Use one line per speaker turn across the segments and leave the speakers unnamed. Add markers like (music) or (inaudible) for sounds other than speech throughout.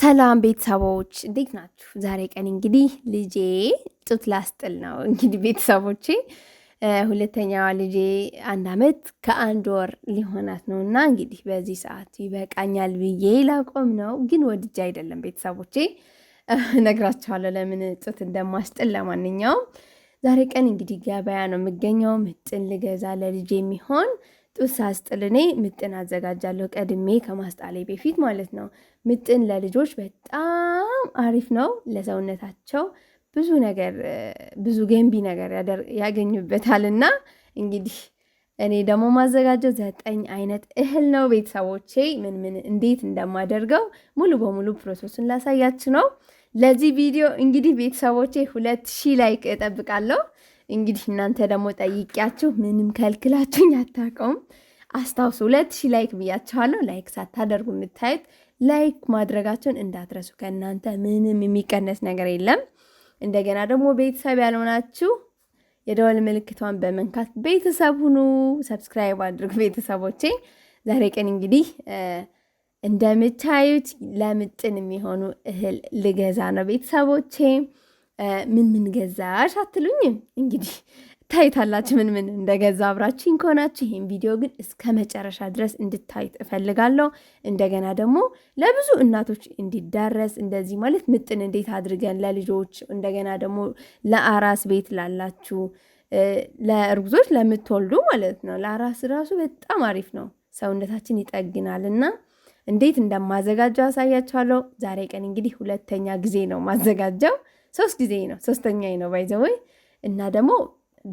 ሰላም ቤተሰቦች እንዴት ናችሁ? ዛሬ ቀን እንግዲህ ልጄ ጡት ላስጥል ነው። እንግዲህ ቤተሰቦቼ ሁለተኛዋ ልጄ አንድ አመት ከአንድ ወር ሊሆናት ነው እና እንግዲህ በዚህ ሰዓት ይበቃኛል ብዬ ላቆም ነው፣ ግን ወድጄ አይደለም ቤተሰቦቼ። ነግራችኋለሁ ለምን ጡት እንደማስጥል። ለማንኛውም ዛሬ ቀን እንግዲህ ገበያ ነው የምገኘው ምጥን ልገዛ ለልጄ የሚሆን ጡት ሳስጥል እኔ ምጥን አዘጋጃለሁ ቀድሜ ከማስጣሌ በፊት ማለት ነው። ምጥን ለልጆች በጣም አሪፍ ነው። ለሰውነታቸው ብዙ ነገር ብዙ ገንቢ ነገር ያገኙበታል። እና እንግዲህ እኔ ደግሞ ማዘጋጀው ዘጠኝ አይነት እህል ነው። ቤተሰቦቼ ምን ምን እንዴት እንደማደርገው ሙሉ በሙሉ ፕሮሰሱን ላሳያችሁ ነው። ለዚህ ቪዲዮ እንግዲህ ቤተሰቦቼ ሁለት ሺህ ላይክ እጠብቃለሁ። እንግዲህ እናንተ ደግሞ ጠይቂያችሁ ምንም ከልክላችሁኝ አታውቀውም። አስታውሱ፣ ሁለት ሺህ ላይክ ብያችኋለሁ። ላይክ ሳታደርጉ የምታዩት ላይክ ማድረጋችሁን እንዳትረሱ። ከእናንተ ምንም የሚቀነስ ነገር የለም። እንደገና ደግሞ ቤተሰብ ያልሆናችሁ የደወል ምልክቷን በመንካት ቤተሰብ ሁኑ። ሰብስክራይብ አድርጉ ቤተሰቦቼ። ዛሬ ቀን እንግዲህ እንደምታዩት ለምጥን የሚሆኑ እህል ልገዛ ነው ቤተሰቦቼ። ምን ምን ገዛሽ አትሉኝም? እንግዲህ ታይታላችሁ ምን ምን እንደገዛ አብራችሁኝ ከሆናችሁ ይህን ቪዲዮ ግን እስከ መጨረሻ ድረስ እንድታዩት እፈልጋለሁ። እንደገና ደግሞ ለብዙ እናቶች እንዲዳረስ እንደዚህ ማለት ምጥን እንዴት አድርገን ለልጆች እንደገና ደግሞ ለአራስ ቤት ላላችሁ ለእርጉዞች ለምትወልዱ ማለት ነው። ለአራስ ራሱ በጣም አሪፍ ነው፣ ሰውነታችን ይጠግናል እና እንዴት እንደማዘጋጀው አሳያችኋለሁ። ዛሬ ቀን እንግዲህ ሁለተኛ ጊዜ ነው ማዘጋጀው ሶስት ጊዜ ነው ሶስተኛ ነው ባይዘወይ እና ደግሞ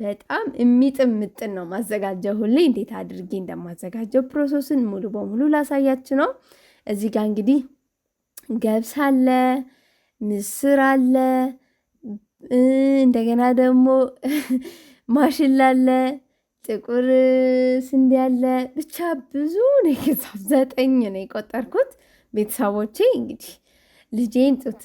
በጣም የሚጥም ምጥን ነው ማዘጋጀው። ሁሌ እንዴት አድርጌ እንደማዘጋጀው ፕሮሰስን ሙሉ በሙሉ ላሳያች ነው። እዚህ ጋር እንግዲህ ገብስ አለ፣ ምስር አለ፣ እንደገና ደግሞ (laughs) ማሽላ አለ፣ ጥቁር ስንዴ አለ። ብቻ ብዙ ነው። ዘጠኝ ነው የቆጠርኩት ቤተሰቦቼ እንግዲህ ልጄን ጡት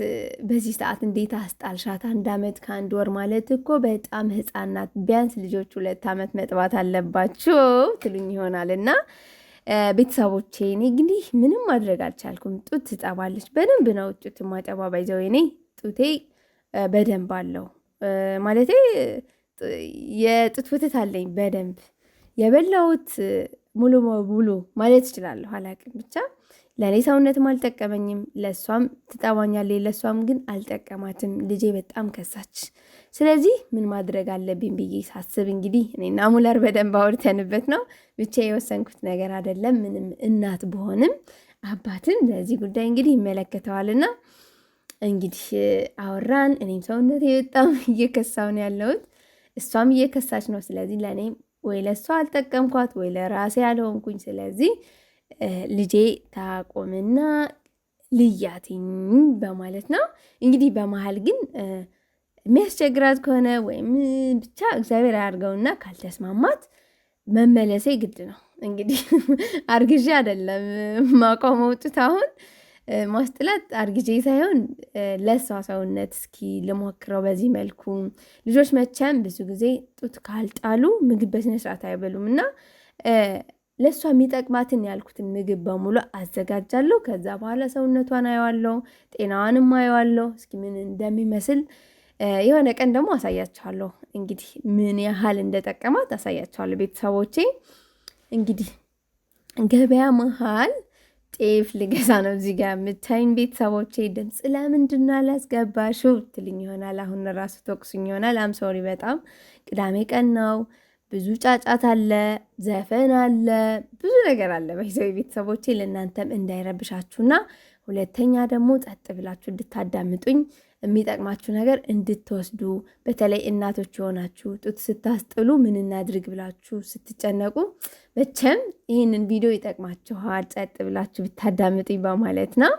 በዚህ ሰዓት እንዴት አስጣልሻት? አንድ አመት ከአንድ ወር ማለት እኮ በጣም ህፃን ናት። ቢያንስ ልጆች ሁለት አመት መጥባት አለባቸው ትሉኝ ይሆናል እና ቤተሰቦቼ እኔ እንግዲህ ምንም ማድረግ አልቻልኩም። ጡት ትጠባለች። በደንብ ነው ጡት ማጠባ። ባይዘው እኔ ጡቴ በደንብ አለው ማለቴ የጡት ወተት አለኝ በደንብ የበላሁት ሙሉ በሙሉ ማለት እችላለሁ። አላቅም ብቻ ለእኔ ሰውነትም አልጠቀመኝም፣ ለእሷም ትጠባኛለች፣ ለእሷም ግን አልጠቀማትም። ልጄ በጣም ከሳች። ስለዚህ ምን ማድረግ አለብኝ ብዬ ሳስብ እንግዲህ እኔና ሙለር በደንብ አውርተንበት ነው። ብቻ የወሰንኩት ነገር አይደለም። ምንም እናት ብሆንም አባትን ለዚህ ጉዳይ እንግዲህ ይመለከተዋልና እንግዲህ አወራን። እኔም ሰውነቴ በጣም (laughs) እየከሳው ነው ያለሁት፣ እሷም እየከሳች ነው። ስለዚህ ለእኔ ወይ ለእሷ አልጠቀምኳት ወይ ለራሴ አልሆንኩኝ። ስለዚህ ልጄ ታቆምና ልያትኝ በማለት ነው። እንግዲህ በመሀል ግን የሚያስቸግራት ከሆነ ወይም ብቻ እግዚአብሔር አያርገውና ካልተስማማት መመለሴ ግድ ነው። እንግዲህ (laughs) አርግዤ አይደለም ማቆም መውጡት አሁን ማስጥላት አርግዤ ሳይሆን ለሷ ሰውነት እስኪ ልሞክረው በዚህ መልኩ። ልጆች መቼም ብዙ ጊዜ ጡት ካልጣሉ ምግብ በስነስርዓት አይበሉም እና ለእሷ የሚጠቅማትን ያልኩትን ምግብ በሙሉ አዘጋጃለሁ። ከዛ በኋላ ሰውነቷን አየዋለሁ፣ ጤናዋንም አየዋለሁ። እስኪ ምን እንደሚመስል የሆነ ቀን ደግሞ አሳያቸዋለሁ እንግዲህ ምን ያህል እንደጠቀማት አሳያቸዋለሁ ቤተሰቦቼ። እንግዲህ ገበያ መሀል ጤፍ ልገዛ ነው። እዚህ ጋር የምታይኝ ቤተሰቦቼ ድምፅ ለምንድና ላስገባሹ ትልኝ ይሆናል። አሁን ራሱ ተቁሱኝ ይሆናል። አምሶሪ በጣም ቅዳሜ ቀን ነው። ብዙ ጫጫት አለ፣ ዘፈን አለ፣ ብዙ ነገር አለ። በይዘው ቤተሰቦቼ ለእናንተም እንዳይረብሻችሁና ሁለተኛ ደግሞ ጸጥ ብላችሁ እንድታዳምጡኝ የሚጠቅማችሁ ነገር እንድትወስዱ በተለይ እናቶች የሆናችሁ ጡት ስታስጥሉ ምን እናድርግ ብላችሁ ስትጨነቁ መቼም ይህንን ቪዲዮ ይጠቅማችኋል። ጸጥ ብላችሁ ብታዳምጡኝ በማለት ነው።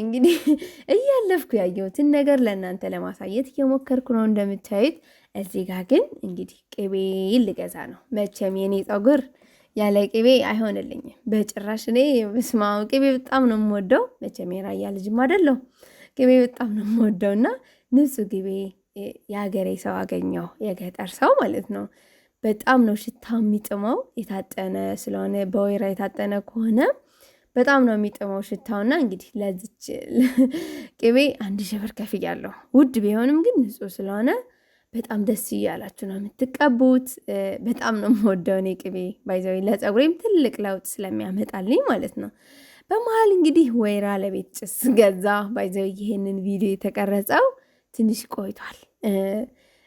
እንግዲህ (laughs) እያለፍኩ ያየሁትን ነገር ለእናንተ ለማሳየት እየሞከርኩ ነው። እንደምታዩት እዚህ ጋር ግን እንግዲህ ቅቤ ልገዛ ነው። መቼም የኔ ጸጉር ያለ ቅቤ አይሆንልኝም በጭራሽ። እኔ ስማ ቅቤ በጣም ነው የምወደው። መቼም የራያ ልጅም አይደለሁ። ቅቤ በጣም ነው የምወደው እና ንጹሕ ቅቤ የሀገሬ ሰው አገኘው፣ የገጠር ሰው ማለት ነው። በጣም ነው ሽታ የሚጥመው። የታጠነ ስለሆነ በወይራ የታጠነ ከሆነ በጣም ነው የሚጥመው ሽታውና እንግዲህ ለዚች ቅቤ አንድ ሺህ ብር ያለው ውድ ቢሆንም ግን ንጹህ ስለሆነ በጣም ደስ እያላችሁ ነው የምትቀቡት። በጣም ነው የምወደው እኔ ቅቤ ባይዘዊ ለፀጉሬም ትልቅ ለውጥ ስለሚያመጣልኝ ማለት ነው። በመሀል እንግዲህ ወይራ ለቤት ጭስ ገዛ። ባይዘዊ ይሄንን ቪዲዮ የተቀረጸው ትንሽ ቆይቷል።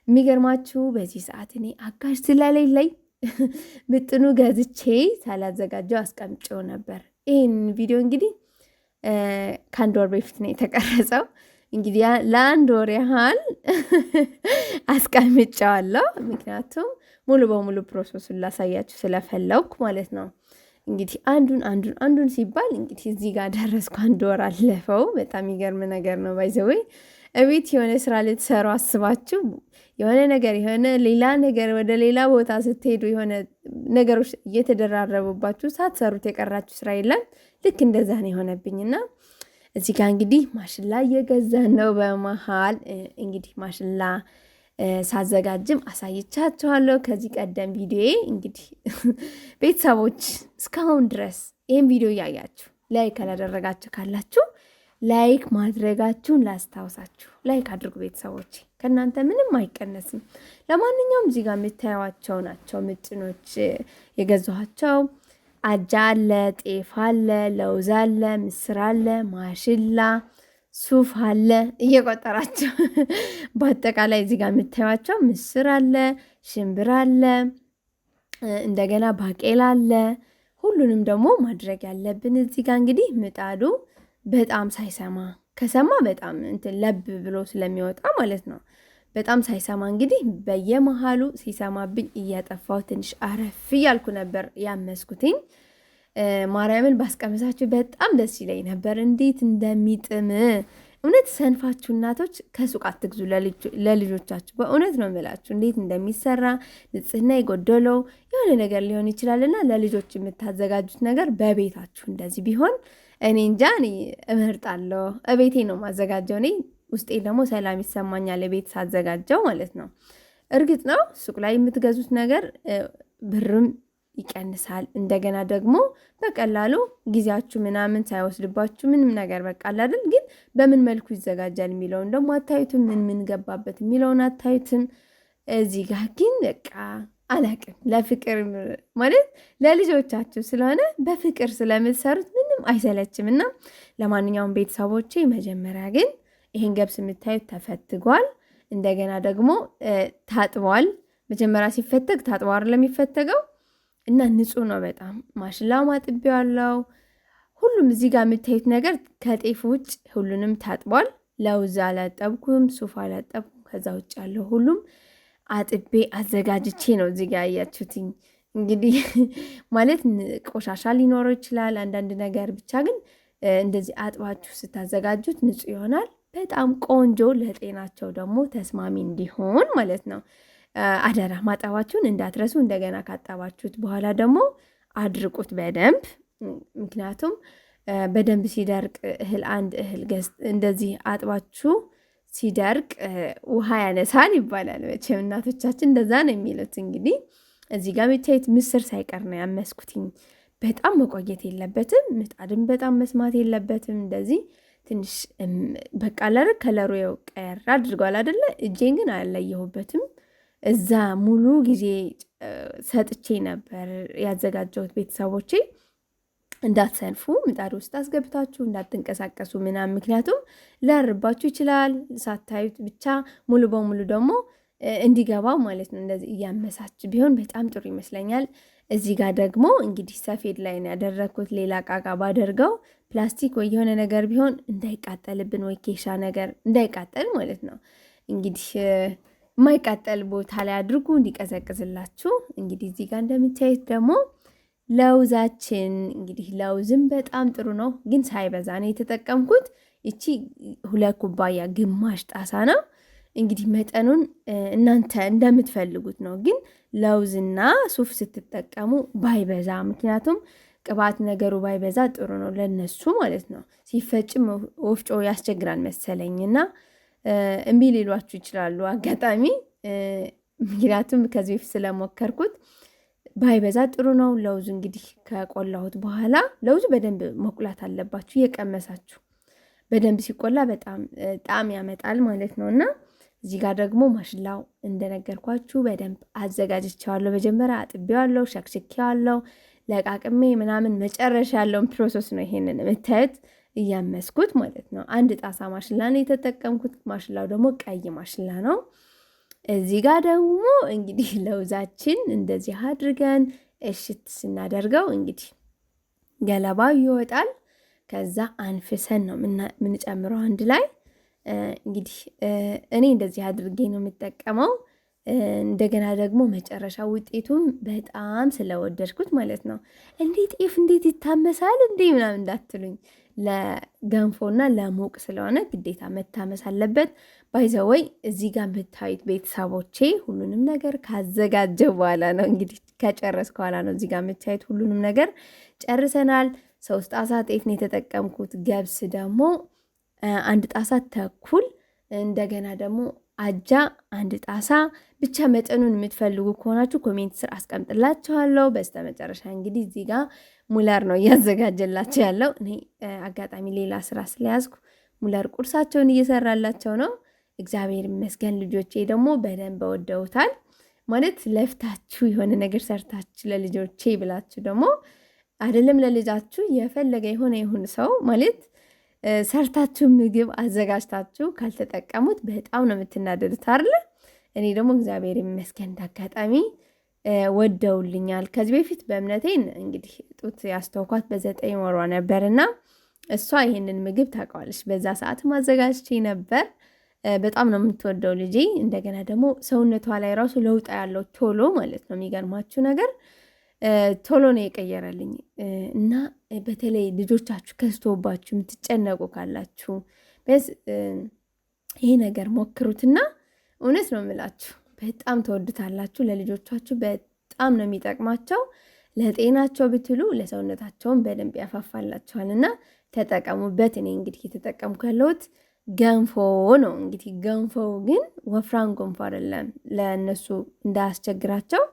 የሚገርማችሁ በዚህ ሰዓት እኔ አጋዥ ስለሌለኝ ብጥኑ ገዝቼ ሳላዘጋጀው አስቀምጬው ነበር። ይህን ቪዲዮ እንግዲህ ከአንድ ወር በፊት ነው የተቀረጸው። እንግዲህ ለአንድ ወር ያህል አስቀምጫዋለሁ፣ ምክንያቱም ሙሉ በሙሉ ፕሮሰሱን ላሳያችሁ ስለፈለኩ ማለት ነው። እንግዲህ አንዱን አንዱን አንዱን ሲባል እንግዲህ እዚህ ጋር ደረስኩ። አንድ ወር አለፈው። በጣም ይገርም ነገር ነው። ባይዘወይ እቤት የሆነ ስራ ልትሰሩ አስባችሁ የሆነ ነገር የሆነ ሌላ ነገር ወደ ሌላ ቦታ ስትሄዱ የሆነ ነገሮች እየተደራረቡባችሁ ሳትሰሩት የቀራችሁ ስራ የለም። ልክ እንደዛ ነው የሆነብኝና እዚህ ጋር እንግዲህ ማሽላ እየገዛን ነው። በመሀል እንግዲህ ማሽላ ሳዘጋጅም አሳይቻችኋለሁ። ከዚህ ቀደም ቪዲዮ። እንግዲህ (laughs) ቤተሰቦች እስካሁን ድረስ ይህም ቪዲዮ እያያችሁ ላይክ አላደረጋችሁ ካላችሁ ላይክ ማድረጋችሁን ላስታውሳችሁ፣ ላይክ አድርጉ ቤተሰቦች። ከእናንተ ምንም አይቀነስም። ለማንኛውም እዚህ ጋር የምታዩዋቸው ናቸው ምጭኖች የገዛኋቸው። አጃ አለ፣ ጤፍ አለ፣ ለውዝ አለ፣ ምስር አለ፣ ማሽላ ሱፍ አለ እየቆጠራቸው (laughs) በአጠቃላይ እዚህ ጋር የምታዩቸው ምስር አለ፣ ሽምብር አለ፣ እንደገና ባቄላ አለ። ሁሉንም ደግሞ ማድረግ ያለብን እዚህ ጋር እንግዲህ ምጣዱ በጣም ሳይሰማ ከሰማ በጣም እንትን ለብ ብሎ ስለሚወጣ ማለት ነው። በጣም ሳይሰማ እንግዲህ በየመሃሉ ሲሰማብኝ እያጠፋው ትንሽ አረፍ እያልኩ ነበር ያመስኩትኝ። ማርያምን ባስቀምሳችሁ በጣም ደስ ይለኝ ነበር። እንዴት እንደሚጥም እውነት ሰንፋችሁ እናቶች ከሱቅ አትግዙ ለልጆቻችሁ። በእውነት ነው የምላችሁ እንዴት እንደሚሰራ ንጽህና የጎደለው የሆነ ነገር ሊሆን ይችላልና ለልጆች የምታዘጋጁት ነገር በቤታችሁ እንደዚህ ቢሆን እኔ እንጃ እኔ እመርጣለሁ። እቤቴ ነው ማዘጋጀው። እኔ ውስጤ ደግሞ ሰላም ይሰማኛል እቤት ሳዘጋጀው ማለት ነው። እርግጥ ነው ሱቅ ላይ የምትገዙት ነገር ብርም ይቀንሳል። እንደገና ደግሞ በቀላሉ ጊዜያችሁ ምናምን ሳይወስድባችሁ ምንም ነገር በቃል አይደል። ግን በምን መልኩ ይዘጋጃል የሚለውን ደግሞ አታዩትም። ምን ምን ገባበት የሚለውን አታዩትም። እዚህ ጋር ግን በቃ አላቅም። ለፍቅር ማለት ለልጆቻችሁ ስለሆነ በፍቅር ስለምትሰሩት አይሰለችም። እና ለማንኛውም ቤተሰቦቼ መጀመሪያ ግን ይሄን ገብስ የምታዩት ተፈትጓል። እንደገና ደግሞ ታጥቧል። መጀመሪያ ሲፈተግ ታጥቧር ለሚፈተገው እና ንጹህ ነው በጣም ማሽላው ማጥቢያለው። ሁሉም እዚህ ጋር የምታዩት ነገር ከጤፍ ውጭ ሁሉንም ታጥቧል። ለውዝ አላጠብኩም፣ ሱፍ አላጠብኩም። ከዛ ውጭ ያለው ሁሉም አጥቤ አዘጋጅቼ ነው እዚህ ጋር ያያችሁትኝ። እንግዲህ (laughs) ማለት ቆሻሻ ሊኖረው ይችላል አንዳንድ ነገር ብቻ ግን እንደዚህ አጥባችሁ ስታዘጋጁት ንጹህ ይሆናል። በጣም ቆንጆ ለጤናቸው ደግሞ ተስማሚ እንዲሆን ማለት ነው። አደራ ማጠባችሁን እንዳትረሱ። እንደገና ካጠባችሁት በኋላ ደግሞ አድርቁት በደንብ ምክንያቱም በደንብ ሲደርቅ እህል አንድ እህል እንደዚህ አጥባችሁ ሲደርቅ ውሃ ያነሳል ይባላል። መቼም እናቶቻችን እንደዛ ነው የሚሉት እንግዲህ እዚህ ጋር ብቻየት ምስር ሳይቀር ነው ያመስኩትኝ። በጣም መቆየት የለበትም ምጣድም በጣም መስማት የለበትም። እንደዚህ ትንሽ በቃ ለር ከለሩ ያው ቀር አድርጓል አደለ? እጄን ግን አላየሁበትም። እዛ ሙሉ ጊዜ ሰጥቼ ነበር ያዘጋጀሁት ቤተሰቦቼ እንዳትሰንፉ ምጣድ ውስጥ አስገብታችሁ እንዳትንቀሳቀሱ ምናምን፣ ምክንያቱም ሊያርባችሁ ይችላል ሳታዩት ብቻ ሙሉ በሙሉ ደግሞ እንዲገባው ማለት ነው። እንደዚህ እያመሳች ቢሆን በጣም ጥሩ ይመስለኛል። እዚህ ጋር ደግሞ እንግዲህ ሰፌድ ላይ ነው ያደረግኩት። ሌላ ቃቃ ባደርገው ፕላስቲክ ወይ የሆነ ነገር ቢሆን እንዳይቃጠልብን ወይ ኬሻ ነገር እንዳይቃጠል ማለት ነው። እንግዲህ የማይቃጠል ቦታ ላይ አድርጉ እንዲቀዘቅዝላችሁ። እንግዲህ እዚህ ጋር እንደምታዩት ደግሞ ለውዛችን እንግዲህ ለውዝም በጣም ጥሩ ነው፣ ግን ሳይበዛ ነው የተጠቀምኩት። ይቺ ሁለት ኩባያ ግማሽ ጣሳ ነው እንግዲህ መጠኑን እናንተ እንደምትፈልጉት ነው። ግን ለውዝና ሱፍ ስትጠቀሙ ባይበዛ፣ ምክንያቱም ቅባት ነገሩ ባይበዛ ጥሩ ነው ለነሱ ማለት ነው። ሲፈጭም ወፍጮ ያስቸግራል መሰለኝ እና እምቢ ሊሏችሁ ይችላሉ አጋጣሚ። ምክንያቱም ከዚህ በፊት ስለሞከርኩት ባይበዛ ጥሩ ነው። ለውዙ እንግዲህ ከቆላሁት በኋላ ለውዙ በደንብ መቁላት አለባችሁ እየቀመሳችሁ በደንብ ሲቆላ በጣም ጣዕም ያመጣል ማለት ነው እና እዚህ ጋር ደግሞ ማሽላው እንደነገርኳችሁ በደንብ አዘጋጅቼዋለሁ። መጀመሪያ አጥቤዋለሁ፣ ሸክሽኬዋለሁ፣ ለቃቅሜ ምናምን መጨረሻ ያለውን ፕሮሰስ ነው ይሄንን የምታዩት እያመስኩት ማለት ነው። አንድ ጣሳ ማሽላ ነው የተጠቀምኩት። ማሽላው ደግሞ ቀይ ማሽላ ነው። እዚህ ጋር ደግሞ እንግዲህ (laughs) ለውዛችን እንደዚህ አድርገን እሽት ስናደርገው እንግዲህ ገለባው ይወጣል። ከዛ አንፍሰን ነው የምንጨምረው አንድ ላይ እንግዲህ እኔ እንደዚህ አድርጌ ነው የምጠቀመው። እንደገና ደግሞ መጨረሻ ውጤቱም በጣም ስለወደድኩት ማለት ነው። እንዴ ጤፍ እንዴት ይታመሳል እንዴ ምናምን እንዳትሉኝ፣ ለገንፎና ለሞቅ ስለሆነ ግዴታ መታመስ አለበት። ባይዘወይ እዚህ ጋር የምታዩት ቤተሰቦቼ ሁሉንም ነገር ካዘጋጀ በኋላ ነው እንግዲህ ከጨረስ ከኋላ ነው እዚህ ጋር የምታዩት ሁሉንም ነገር ጨርሰናል። ሶስት አሳ ጤፍ ነው የተጠቀምኩት። ገብስ ደግሞ አንድ ጣሳ ተኩል እንደገና ደግሞ አጃ አንድ ጣሳ። ብቻ መጠኑን የምትፈልጉ ከሆናችሁ ኮሜንት ስር አስቀምጥላችኋለሁ። በስተ መጨረሻ እንግዲህ እዚህ ጋር ሙላር ነው እያዘጋጀላቸው ያለው። እኔ አጋጣሚ ሌላ ስራ ስለያዝኩ ሙላር ቁርሳቸውን እየሰራላቸው ነው። እግዚአብሔር ይመስገን። ልጆቼ ደግሞ በደንብ ወደውታል። ማለት ለፍታችሁ የሆነ ነገር ሰርታችሁ ለልጆቼ ብላችሁ ደግሞ አይደለም ለልጃችሁ የፈለገ የሆነ ይሁን ሰው ማለት ሰርታችሁ ምግብ አዘጋጅታችሁ ካልተጠቀሙት በጣም ነው የምትናደዱት አይደለ? እኔ ደግሞ እግዚአብሔር ይመስገን እንዳጋጣሚ ወደውልኛል። ከዚህ በፊት በእምነቴ እንግዲህ ጡት ያስተውኳት በዘጠኝ ወሯ እና እሷ ይህንን ምግብ ታውቀዋለች። በዛ ሰዓት አዘጋጅቼ ነበር። በጣም ነው የምትወደው ልጄ። እንደገና ደግሞ ሰውነቷ ላይ ራሱ ለውጣ ያለው ቶሎ ማለት ነው። የሚገርማችሁ ነገር ቶሎ ነው የቀየረልኝ እና በተለይ ልጆቻችሁ ከስቶባችሁ የምትጨነቁ ካላችሁ በስ ይሄ ነገር ሞክሩትና እውነት ነው የምላችሁ፣ በጣም ተወዱታላችሁ። ለልጆቻችሁ በጣም ነው የሚጠቅማቸው። ለጤናቸው ብትሉ ለሰውነታቸውን በደንብ ያፋፋላችኋል እና ተጠቀሙበት። እኔ እንግዲህ የተጠቀምኩ ያለሁት ገንፎ ነው። እንግዲህ ገንፎ ግን ወፍራን ገንፎ አይደለም፣ ለእነሱ እንዳያስቸግራቸው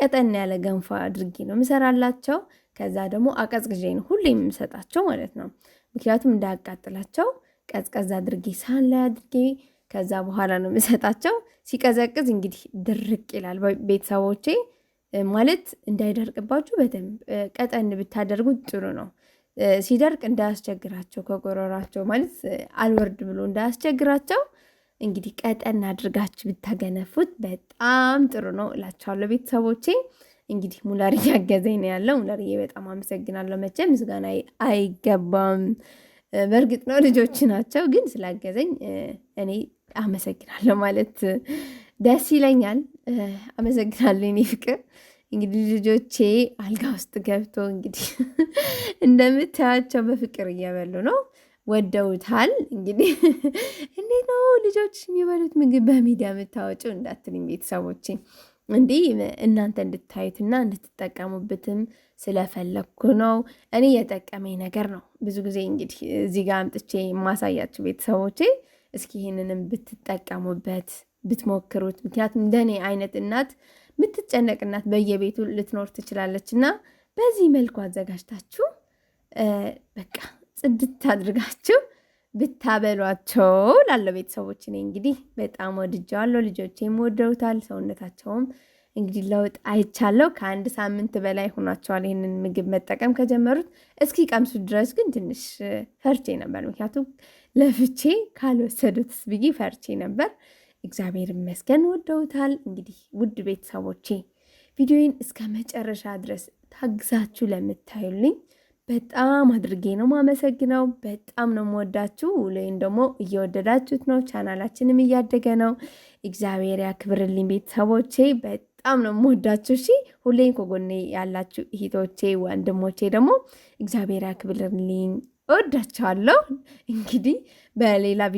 ቀጠን ያለ ገንፎ አድርጌ ነው ምሰራላቸው። ከዛ ደግሞ አቀዝቅዤ ነው ሁሌ የምሰጣቸው ማለት ነው። ምክንያቱም እንዳያቃጥላቸው ቀዝቀዝ አድርጌ ሳህን ላይ አድርጌ ከዛ በኋላ ነው የምሰጣቸው። ሲቀዘቅዝ እንግዲህ ድርቅ ይላል። ቤተሰቦቼ ማለት እንዳይደርቅባችሁ በደንብ ቀጠን ብታደርጉት ጥሩ ነው። ሲደርቅ እንዳያስቸግራቸው ከጎረራቸው ማለት አልወርድ ብሎ እንዳያስቸግራቸው እንግዲህ ቀጠን አድርጋችሁ ብታገነፉት በጣም ጥሩ ነው እላቸዋለሁ ቤተሰቦቼ። እንግዲህ ሙላር እያገዘኝ ነው ያለው። ሙላርዬ በጣም አመሰግናለሁ። መቼም ምስጋና አይገባም። በእርግጥ ነው ልጆች ናቸው፣ ግን ስላገዘኝ እኔ አመሰግናለሁ ማለት ደስ ይለኛል። አመሰግናለሁ የኔ ፍቅር። እንግዲህ ልጆቼ አልጋ ውስጥ ገብቶ እንግዲህ (laughs) እንደምታያቸው በፍቅር እየበሉ ነው። ወደውታል። እንግዲህ እንዴት ነው ልጆች የሚበሉት ምግብ በሚዲያ የምታወጪው እንዳትልኝ ቤተሰቦቼ እንዲህ እናንተ እንድታዩትና እንድትጠቀሙበትም ስለፈለግኩ ነው። እኔ የጠቀመኝ ነገር ነው። ብዙ ጊዜ እንግዲህ እዚህ ጋር አምጥቼ የማሳያችሁ ቤተሰቦቼ፣ እስኪ ይህንንም ብትጠቀሙበት ብትሞክሩት። ምክንያቱም እንደኔ አይነት እናት የምትጨነቅ እናት በየቤቱ ልትኖር ትችላለች እና በዚህ መልኩ አዘጋጅታችሁ በቃ ጽድት አድርጋችሁ ብታበሏቸው ላለው ቤተሰቦች እኔ እንግዲህ በጣም ወድጀዋለሁ። ልጆቼም ወደውታል። ሰውነታቸውም እንግዲህ ለውጥ አይቻለሁ። ከአንድ ሳምንት በላይ ሆኗቸዋል ይህንን ምግብ መጠቀም ከጀመሩት። እስኪ ቀምሱ ድረስ ግን ትንሽ ፈርቼ ነበር፣ ምክንያቱም ለፍቼ ካልወሰዱትስ ብዬ ፈርቼ ነበር። እግዚአብሔር ይመስገን ወደውታል። እንግዲህ ውድ ቤተሰቦቼ ቪዲዮዬን እስከ መጨረሻ ድረስ ታግዛችሁ ለምታዩልኝ በጣም አድርጌ ነው ማመሰግነው። በጣም ነው የምወዳችሁ። ወይም ደግሞ እየወደዳችሁት ነው፣ ቻናላችንም እያደገ ነው። እግዚአብሔር ያክብርልኝ ቤተሰቦቼ፣ በጣም ነው የምወዳችሁ። እሺ ሁሌም ከጎኔ ያላችሁ እህቶቼ፣ ወንድሞቼ ደግሞ እግዚአብሔር ያክብርልኝ፣ እወዳችኋለሁ። እንግዲህ በሌላ